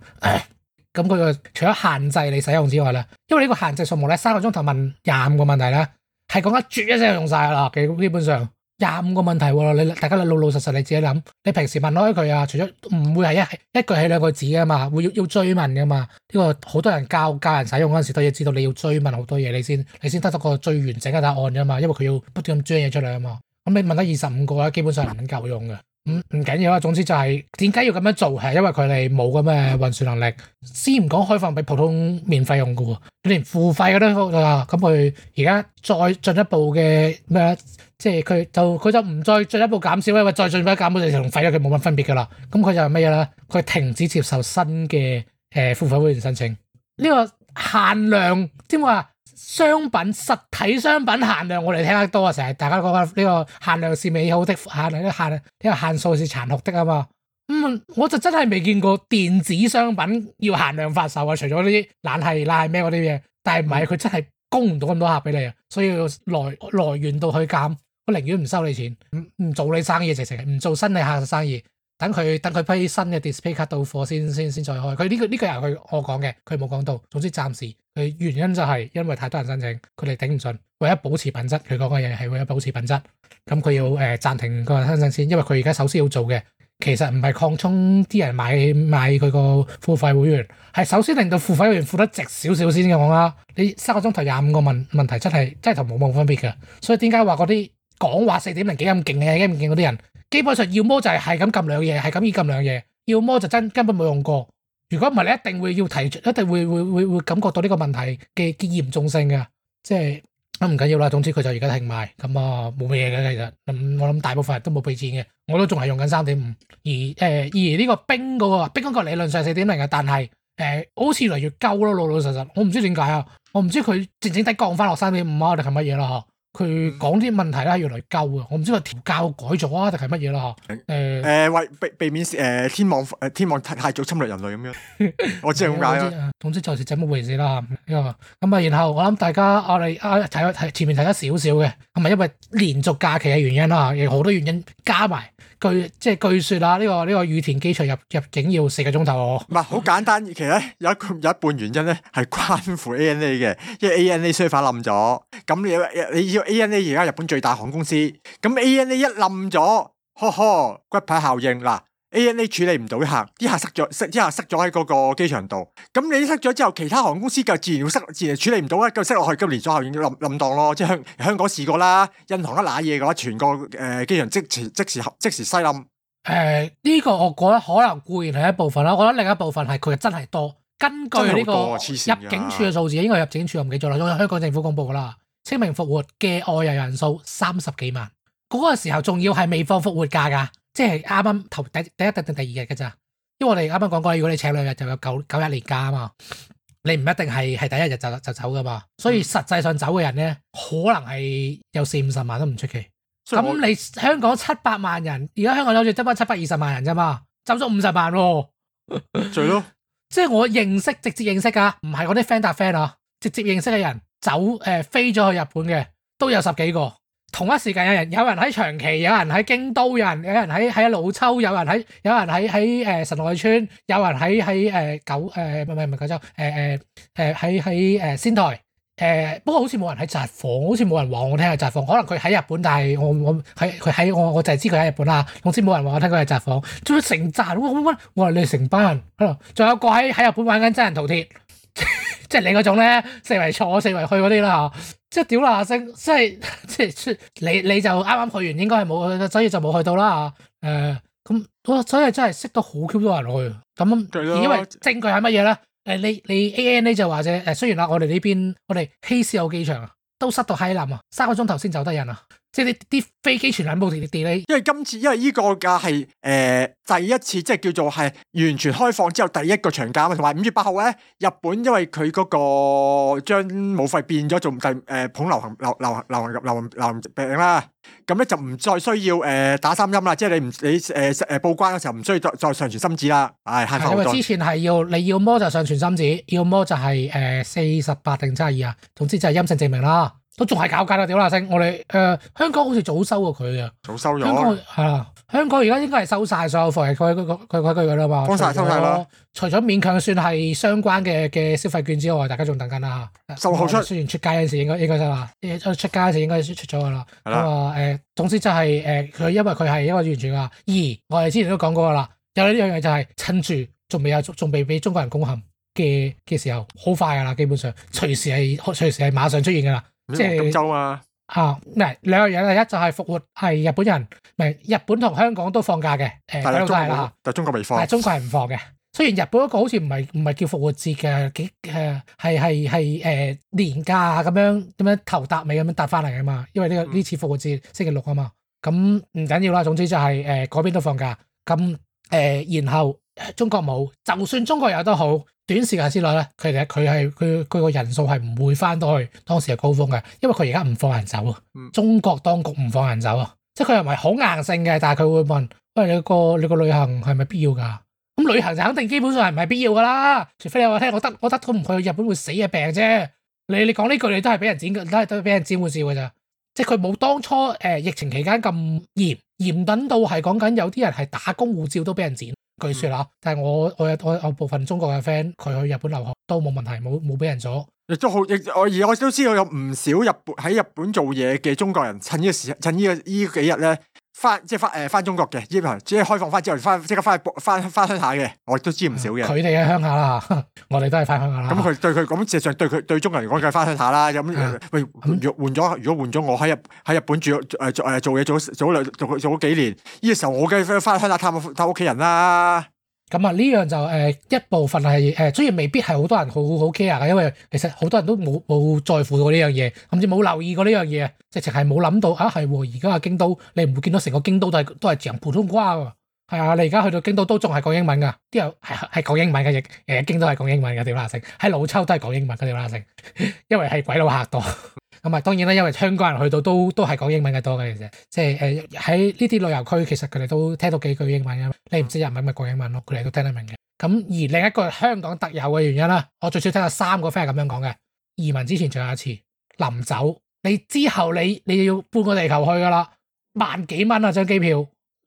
咁佢個除咗限制你使用之外咧，因為呢個限制數目咧，三個鐘頭問廿五個問題咧，係講得絕一聲就用曬啦，基本上。廿五個問題你大家你老老實實你自己諗，你平時問開一句啊，除咗唔會係一一句係兩個字嘅嘛，會要要追問嘅嘛。呢個好多人教家，家人使用嗰陣時都要知道你要追問好多嘢，你先你先得咗個最完整嘅答案啫嘛。因為佢要不斷咁追嘢出嚟啊嘛。咁你問得二十五個咧，基本上唔夠用嘅。唔唔緊要啊，總之就係點解要咁樣做係因為佢哋冇咁嘅運算能力。先唔講開放俾普通免費用嘅喎，你連付費嘅都得啊，咁佢而家再進一步嘅咩？即係佢就佢就唔再進一步減少，因為再進一步減少就同廢咗佢冇乜分別噶啦。咁佢就係咩嘢咧？佢停止接受新嘅誒付費會員申請。呢個限量，即係話商品實體商品限量，我哋聽得多啊，成日大家講話呢個限量是美好的，限呢限呢個限數是殘酷的啊嘛。咁我就真係未見過電子商品要限量發售啊，除咗啲爛係爛係咩嗰啲嘢，但係唔係佢真係供唔到咁多客俾你啊，所以來來源度去減。我寧願唔收你錢，唔唔做你生意，直情唔做新嘅客嘅生意。等佢等佢批新嘅 display 卡到貨先先先再開。佢呢個呢句係佢我講嘅，佢冇講到。總之暫時佢原因就係因為太多人申請，佢哋頂唔順。為咗保持品質，佢講嘅嘢係為咗保持品質。咁佢要誒暫停個人申請先，因為佢而家首先要做嘅其實唔係擴充啲人買買佢個付費會員，係首先令到付費會員付得值少少先咁講啦。你三個鐘頭廿五個問問題真係真係同冇冇分別嘅。所以點解話嗰啲？講話四點零幾咁勁嘅，幾唔勁嗰啲人，基本上要麼就係係咁撳兩嘢，係咁易撳兩嘢，要麼就真根本冇用過。如果唔係，你一定會要提一定會會會會感覺到呢個問題嘅嘅嚴重性嘅。即係唔緊要啦，總之佢就而家停埋，咁啊冇乜嘢嘅其實。咁我諗大部分人都冇俾錢嘅，我都仲係用緊三點五。而誒而呢個冰、嗰個冰個理論上四點零嘅，但、呃、係好似嚟越鳩咯，老老實實。我唔知點解啊，我唔知佢靜靜地降翻落三點五啊，定係乜嘢佢講啲問題啦，越嚟越鳩啊！我唔知個調教改咗啊，定係乜嘢啦？嗬、嗯，誒、呃、誒，為避避免誒、呃、天網誒、呃、天、天網太早侵略人類咁樣， [laughs] 我知係咁解啊。總 [laughs] [laughs] [laughs] 之、同之、同之同時就是這麼回事啦。咁、嗯、啊，然後我諗大家啊，你啊睇睇前面睇得少少嘅，係咪因為連續假期嘅原因啦？亦好多原因加埋。據即係據說啊，呢、這個呢、這個羽田機場入入境要四個鐘頭。唔係好簡單，其實有一有一半原因咧係關乎 ANA 嘅，因為 ANA 雖然冧咗。咁你你你要 ANA 而家日本最大航空公司，咁 ANA 一冧咗，呵呵骨牌效應啦。A N A 處理唔到客，啲客塞咗，塞啲塞咗喺嗰個機場度。咁你塞咗之後，其他航空公司就自然會塞，自然處理唔到啦，咁就塞落去今年最後已經冧檔咯。即係香香港試過啦，印航一瀨嘢嘅話，全個誒機、呃、場即即時即時塞冧。誒、呢、呃，這個我覺得可能固然係一部分啦，我覺得另一部分係佢真係多。根據呢個入境處嘅數字，應該入境處我唔記咗啦，因為香港政府公布噶啦，清明復活嘅外遊人數三十幾萬，嗰、那個時候仲要係未放復活假噶即係啱啱頭第第一定定第二日嘅咋，因為我哋啱啱講過，如果你請兩日就有九九日年假啊嘛，你唔一定係係第一日就就走噶嘛，所以實際上走嘅人咧，可能係有四五十萬都唔出奇。咁你香港七百萬人，而家香港有住得翻七百二十萬人咋嘛，走咗五十萬喎、啊。最 [laughs] 咯即係我認識直接認識噶，唔係我啲 friend 搭 friend 啊，直接認識嘅人走誒、呃、飛咗去日本嘅都有十幾個。同一時間有人有人喺長崎，有人喺京都，有人喺有人喺喺老抽，有人喺有人喺喺神奈川，有人喺喺九唔係唔係九州誒喺喺仙台，不過好似冇人喺札幌，好似冇人話我聽係札幌，可能佢喺日本 Talon-，但係我我喺佢喺我我就係知佢喺日本啦。總之冇人話我聽佢係札幌，仲要成扎？我我我我哋成班喺度，仲有個喺喺日本玩緊真人逃脫。即係你嗰種咧，四圍坐四圍去嗰啲啦嚇，即係屌，喇即係即係出你你就啱啱去完，應該係冇去啦，所以就冇去到啦嚇。咁、呃，所以真係識到好 Q 多人落去，咁對咯，因為證據係乜嘢咧？你你 ANA 就話啫誒雖然啦，我哋呢邊我哋希斯有機場都塞到閪林啊，三個鐘頭先走得人啊。即係啲啲飛機全部冇停停因為今次因為呢個架係誒第一次，即係叫做係完全開放之後第一個長假，同埋五月八號咧，日本因為佢嗰個將武肺變咗做第誒捧流行流流行流行流行流行,流行病啦，咁咧就唔再需要誒、呃、打三針啦，即係你唔你誒誒、呃、報關嘅時候唔需要再再上傳針紙啦，係、哎、係因為之前係要你要麼就上傳針紙，要麼就係誒四十八定七十二，呃、72, 總之就係陰性證明啦。都仲係搞緊啦，屌啦，星我哋誒香港好似早收過佢啊，早收咗啦，係香港而家應該係收晒所有貨，佢佢佢佢佢佢啦嘛，收曬收晒！除咗勉強算係相關嘅消費券之外，大家仲等緊啦收好出、啊，雖然出街嘅時應該應該啦，出街嘅時應該出出咗噶啦，係、啊、總之就係誒佢因為佢係一個完全二，而我哋之前都講過啦，有呢兩樣就係、是、趁住仲未有仲未俾中國人攻陷嘅時候，好快噶啦，基本上隨時係隨時係馬上出現噶啦。即係金州啊！啊，咪兩樣嘢，第一就係復活，係日本人，唔係，日本同香港都放假嘅誒，都係啦，但係中，呃中，就係、中國未放，但中國係唔放嘅。雖然日本嗰個好似唔係唔係叫復活節嘅，幾誒係係係誒年假咁樣咁樣頭搭尾咁樣搭翻嚟啊嘛。因為呢、呢個呢、嗯、次復活節星期六啊嘛，咁唔緊要啦。總之就係誒嗰邊都放假，咁誒、呃、然後。中國冇，就算中國有都好，短時間之內咧，佢嘅佢係佢佢個人數係唔會返到去當時嘅高峰嘅，因為佢而家唔放人走啊。中國當局唔放人走啊，即係佢又唔係好硬性嘅，但係佢會問，喂、哎、你個你個旅行係咪必要㗎？咁旅行就肯定基本上係唔係必要㗎啦，除非你話聽我得我得都唔去日本會死嘅病啫。你你講呢句你都係俾人剪，都係都俾人剪護照㗎咋，即係佢冇當初誒、呃、疫情期間咁嚴嚴等到係講緊有啲人係打工護照都俾人剪。據説啦，但係我我有我有部分中國嘅 friend，佢去日本留學都冇問題，冇冇俾人阻。亦都好，亦我而我都知道有唔少日本喺日本做嘢嘅中國人，趁呢個時，趁呢個呢幾日咧。翻即係翻誒翻中國嘅，依排即係開放翻之後，翻即刻翻去翻翻鄉下嘅，我亦都知唔少嘅。佢哋喺鄉下啦，我哋都係翻鄉下啦。咁佢對佢咁，事實上對佢對中國人嚟講，梗係翻鄉下啦。咁、嗯、喂，如換咗，如果換咗我喺日喺日本住誒誒、呃、做嘢做做兩做做，做咗幾年，呢、這個時候我梗係翻翻鄉下探下探屋企人啦。咁啊，呢樣就一部分係誒，雖然未必係好多人好好 care 嘅，因為其實好多人都冇冇在乎過呢樣嘢，甚至冇留意過呢樣嘢，直情係冇諗到啊！係喎，而家嘅京都你唔會見到成個京都都係都係講普通話㗎，係啊！你而家去到京都都仲係講英文㗎，啲人係係講英文嘅，亦京都係講英文嘅屌那星，喺老抽都係講英文嘅屌那星，因為係鬼佬客多。咁啊，當然啦，因為香港人去到都都係講英文嘅多嘅其實，即係喺呢啲旅遊區，其實佢哋都聽到幾句英文嘅。你唔知日文咪講英文咯，佢哋都聽得明嘅。咁而另一個香港特有嘅原因啦，我最少聽咗三個 friend 係咁樣講嘅。移民之前仲有一次臨走，你之後你你要搬個地球去㗎啦，萬幾蚊啊張機票，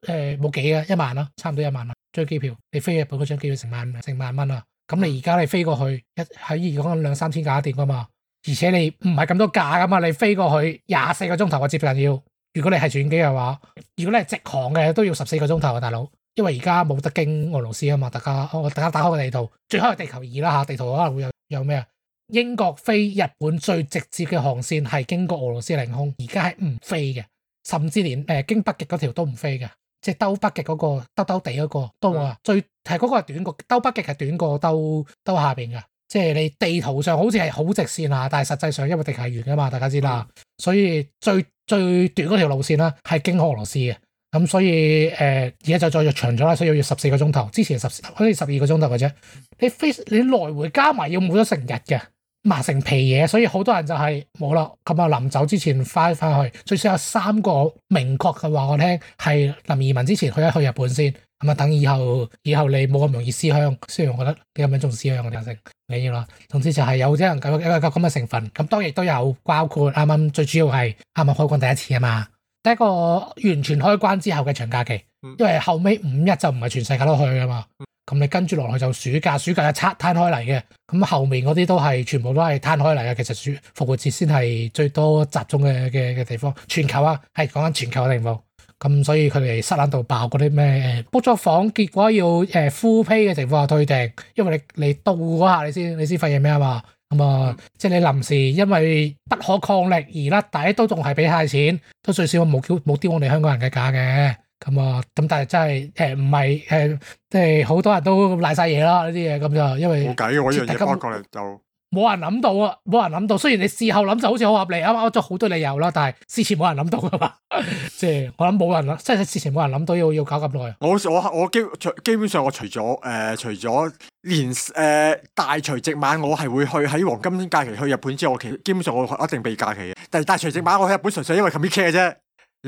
冇、呃、幾啊，一萬啦、啊，差唔多一萬啦張機票，你飛去嗰張機票成萬成萬蚊啊！咁你而家你飛過去一喺香港兩三千搞掂㗎嘛？而且你唔係咁多假噶嘛，你飛過去廿四個鐘頭我接近要。如果你係轉機嘅話，如果你係直航嘅都要十四個鐘頭啊，大佬。因為而家冇得經俄羅斯啊嘛，大家我大家打開個地圖，最開個地球儀啦吓，地圖可能會有有咩啊？英國飛日本最直接嘅航線係經過俄羅斯領空，而家係唔飛嘅，甚至連誒經、呃、北極嗰條都唔飛嘅，即係兜北極嗰、那個兜兜地嗰、那個都話、嗯、最係嗰、那個係短，短過兜北極係短過兜兜下邊嘅。即係你地圖上好似係好直線啊，但係實際上因為地球係圓噶嘛，大家知啦。所以最最短嗰條路線啦係經俄羅斯嘅。咁所以而家、呃、就再約長咗啦，所以要十四個鐘頭，之前十四好似十二個鐘頭嘅啫。你飛你來回加埋要冇咗成日嘅，麻成皮嘢。所以好多人就係冇啦。咁啊，臨走之前翻翻去，最少有三個明確嘅話我聽係臨移民之前去一去日本先。咁啊，等以後，以後你冇咁容易思鄉。雖然我覺得你咁樣重思鄉嘅特性，唔緊要啦。總之就係有啲人咁嘅咁嘅成分。咁當然都有，包括啱啱最主要係啱啱開關第一次啊嘛。第一個完全開關之後嘅長假期，因為後尾五一就唔係全世界都去㗎嘛。咁你跟住落去就暑假，暑假又拆攤開嚟嘅。咁後面嗰啲都係全部都係攤開嚟嘅。其實暑復活節先係最多集中嘅嘅嘅地方，全球啊，係講緊全球嘅情況。咁所以佢哋塞攬到爆嗰啲咩 book 咗房，結果要誒敷批嘅情況下退訂，因為你你到嗰下你先你先發現咩啊嘛，咁啊即係你臨時因為不可抗力而甩底，都仲係俾曬錢都最少冇丟冇丟我哋香港人嘅架嘅，咁啊咁但係真係誒唔係誒即係好多人都賴晒嘢啦呢啲嘢咁就因為冇計㗎，我一樣嘢 book 過嚟就。冇人諗到啊！冇人諗到，雖然你事後諗就好似好合理，啱啱搵咗好多理由啦，但係事前冇人諗到啊嘛！即 [laughs] 係我諗冇人諗，即係事前冇人諗到要要搞咁耐。我我我基基本上我除咗誒、呃、除咗年誒大除夕晚，我係會去喺黃金假期去日本之外，我其基本上我一定避假期嘅。但係大除夕晚我喺日本純粹因為琴日 check 啫，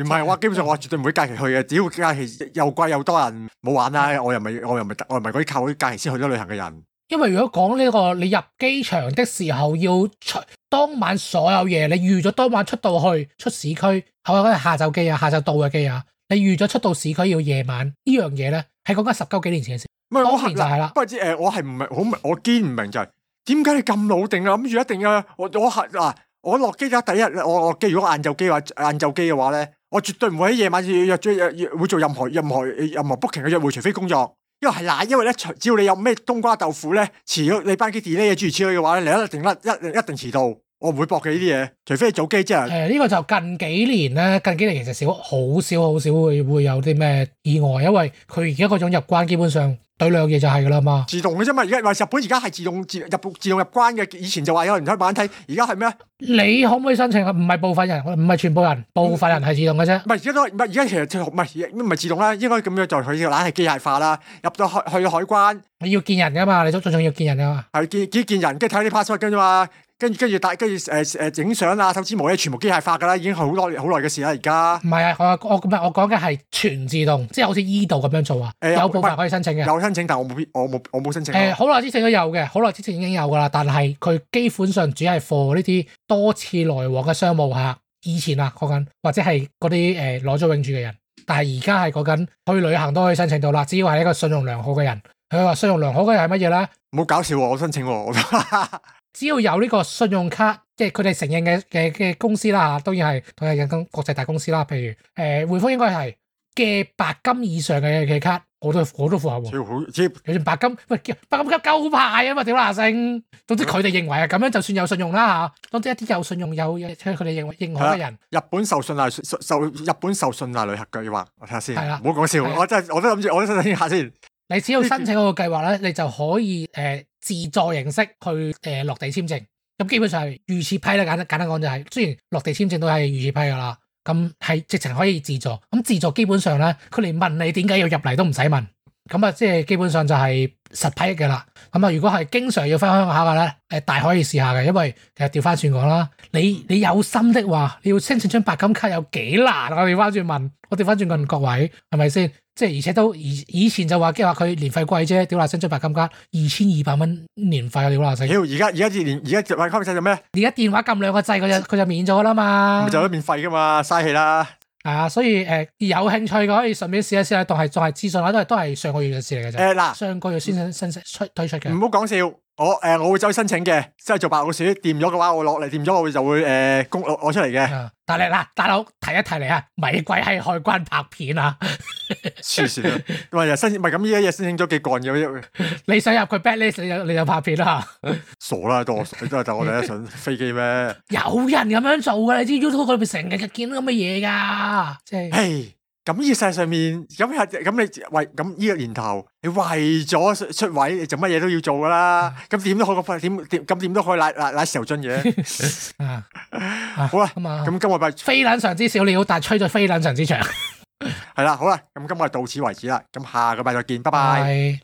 唔係我基本上我絕對唔會假期去嘅，只要假期又貴又多人，冇玩啦！我又咪我又唔係我又唔係嗰啲靠啲假期先去咗旅行嘅人。因為如果講呢個你入機場的時候要出當晚所有嘢，你預咗當晚出到去出市區，係咪嗰日下晝機啊？下晝到嘅機啊？你預咗出到市區要夜晚這呢樣嘢咧，係講緊十九幾年前嘅事。唔係我係就係啦，不知誒，我係唔係好明？我堅唔明就係點解你咁老定啊？諗住一定啊我，我，我，我下嗱我落機嘅第一日，我落機如果晏晝機，機的話晏晝機嘅話咧，我絕對唔會喺夜晚要入做會做任何任何任何 booking 嘅約會，除非工作。呢個係啦，因為咧，除只要你有咩冬瓜豆腐咧，遲咗你班機 delay 住之類嘅話咧，你一定甩一一,一定遲到。我唔會搏嘅呢啲嘢，除非你早機即係。誒、欸，呢、呢個就近幾年咧，近幾年其實少，好少好少會會有啲咩意外，因為佢而家嗰種入關基本上。對兩嘢就係噶啦嘛，自動嘅啫嘛，而家話日本而家係自動入日自，自動入關嘅，以前就話有人開板梯，而家係咩？你可唔可以申請啊？唔係部分人，唔係全部人，部分人係自動嘅啫。唔係而家唔係而家，嗯、其實唔係唔係自動啦，應該咁樣做就佢個嘢係機械化啦，入咗去去海關，你要見人噶嘛，你最最重要見人噶嘛，係見見人，跟住睇啲 passport 嘛，跟住跟住大跟住誒誒影相啊，手指模啊，全部機械化噶啦，已經好多好耐嘅事啦，而家唔係啊，我我我講嘅係全自動，即係好似呢度咁樣做啊，有部分人可以申請嘅。欸呃呃呃呃呃呃呃申請，但我冇我冇，我冇申請、啊。誒、欸，好耐之前都有嘅，好耐之前已經有噶啦。但係佢基本上主要係貨呢啲多次來往嘅商務客，以前啊講緊，或者係嗰啲誒攞咗永住嘅人。但係而家係講緊去旅行都可以申請到啦。只要係一個信用良好嘅人，佢話信用良好嘅人係乜嘢咧？唔好搞笑喎、啊，我申請喎、啊。 [laughs] 只要有呢個信用卡，即係佢哋承認嘅嘅嘅公司啦嚇，當然係同日人工國際大公司啦，譬如誒、呃、匯豐應該係。嘅白金以上嘅嘅卡，我都我都符合喎。即係白金，喂，白金級夠派啊嘛？屌嗱聲。總之佢哋認為啊，咁樣就算有信用啦嚇。總之一啲有信用有，佢哋認為認可嘅人。日本受信賴受，受日本受信賴旅客計劃，我睇下先。係啦，唔好講笑，我真係我都諗住，我都想聽下先。你只要申請嗰個計劃咧， [laughs] 你就可以誒、呃、自助形式去誒、呃、落地簽證。咁基本上係預設批啦，簡單簡單講就係、是，雖然落地簽證都係預設批噶啦。咁係直情可以自助，咁自助基本上咧，佢連問你點解要入嚟都唔使問，咁啊即係基本上就係實批嘅啦。咁啊，如果係經常要翻鄉下嘅咧，大可以試下嘅，因為其實調翻轉講啦，你你有心的話，你要申請張白金卡有幾難啊？調返轉問，我調翻轉問各位係咪先？是即係而且都以以前就話，即係話佢年費貴啫，屌，話新出白金卡二千二百蚊年費，屌話死！屌，而家而家二年而家入埋卡費做咩？而家電話撳兩個掣，佢就佢就免咗啦嘛。咪就可以免費噶嘛，嘥氣啦。係啊，所以誒有興趣嘅可以順便試一試，但係再係都係都係上個月嘅事嚟嘅。誒上個月先新新出推出嘅。唔好講笑。我誒、呃，我會再申請嘅，即係做白老鼠，掂咗嘅話，我會話會、呃，我落嚟掂咗，我就會誒，公我出嚟嘅。但係大佬提一提你啊，咪鬼係海關拍片啊，黐線啊，又申請，唔咁呢家嘢申請咗幾罐嘢，你想入佢 bad list 你又你就拍片啦，啊， [laughs] 傻啦，都係我第一上飛機咩？有人咁樣做噶，你知 YouTube 佢哋成日見到咁嘅嘢噶，即、就、係、是。Hey. 咁呢世上面咁又咁你為咁呢個年頭，你為咗出位，你就乜嘢都要做噶啦。咁點都好過點點咁點都開拉拉拉石油樽嘢。 [laughs] 啊啊、 [laughs] 好啦，咁、啊啊、今日拜非撚常之少，但係吹咗非撚常之長。係 [laughs] 啦，好啦，咁今日到此為止啦。咁下個拜再見，拜拜。拜拜。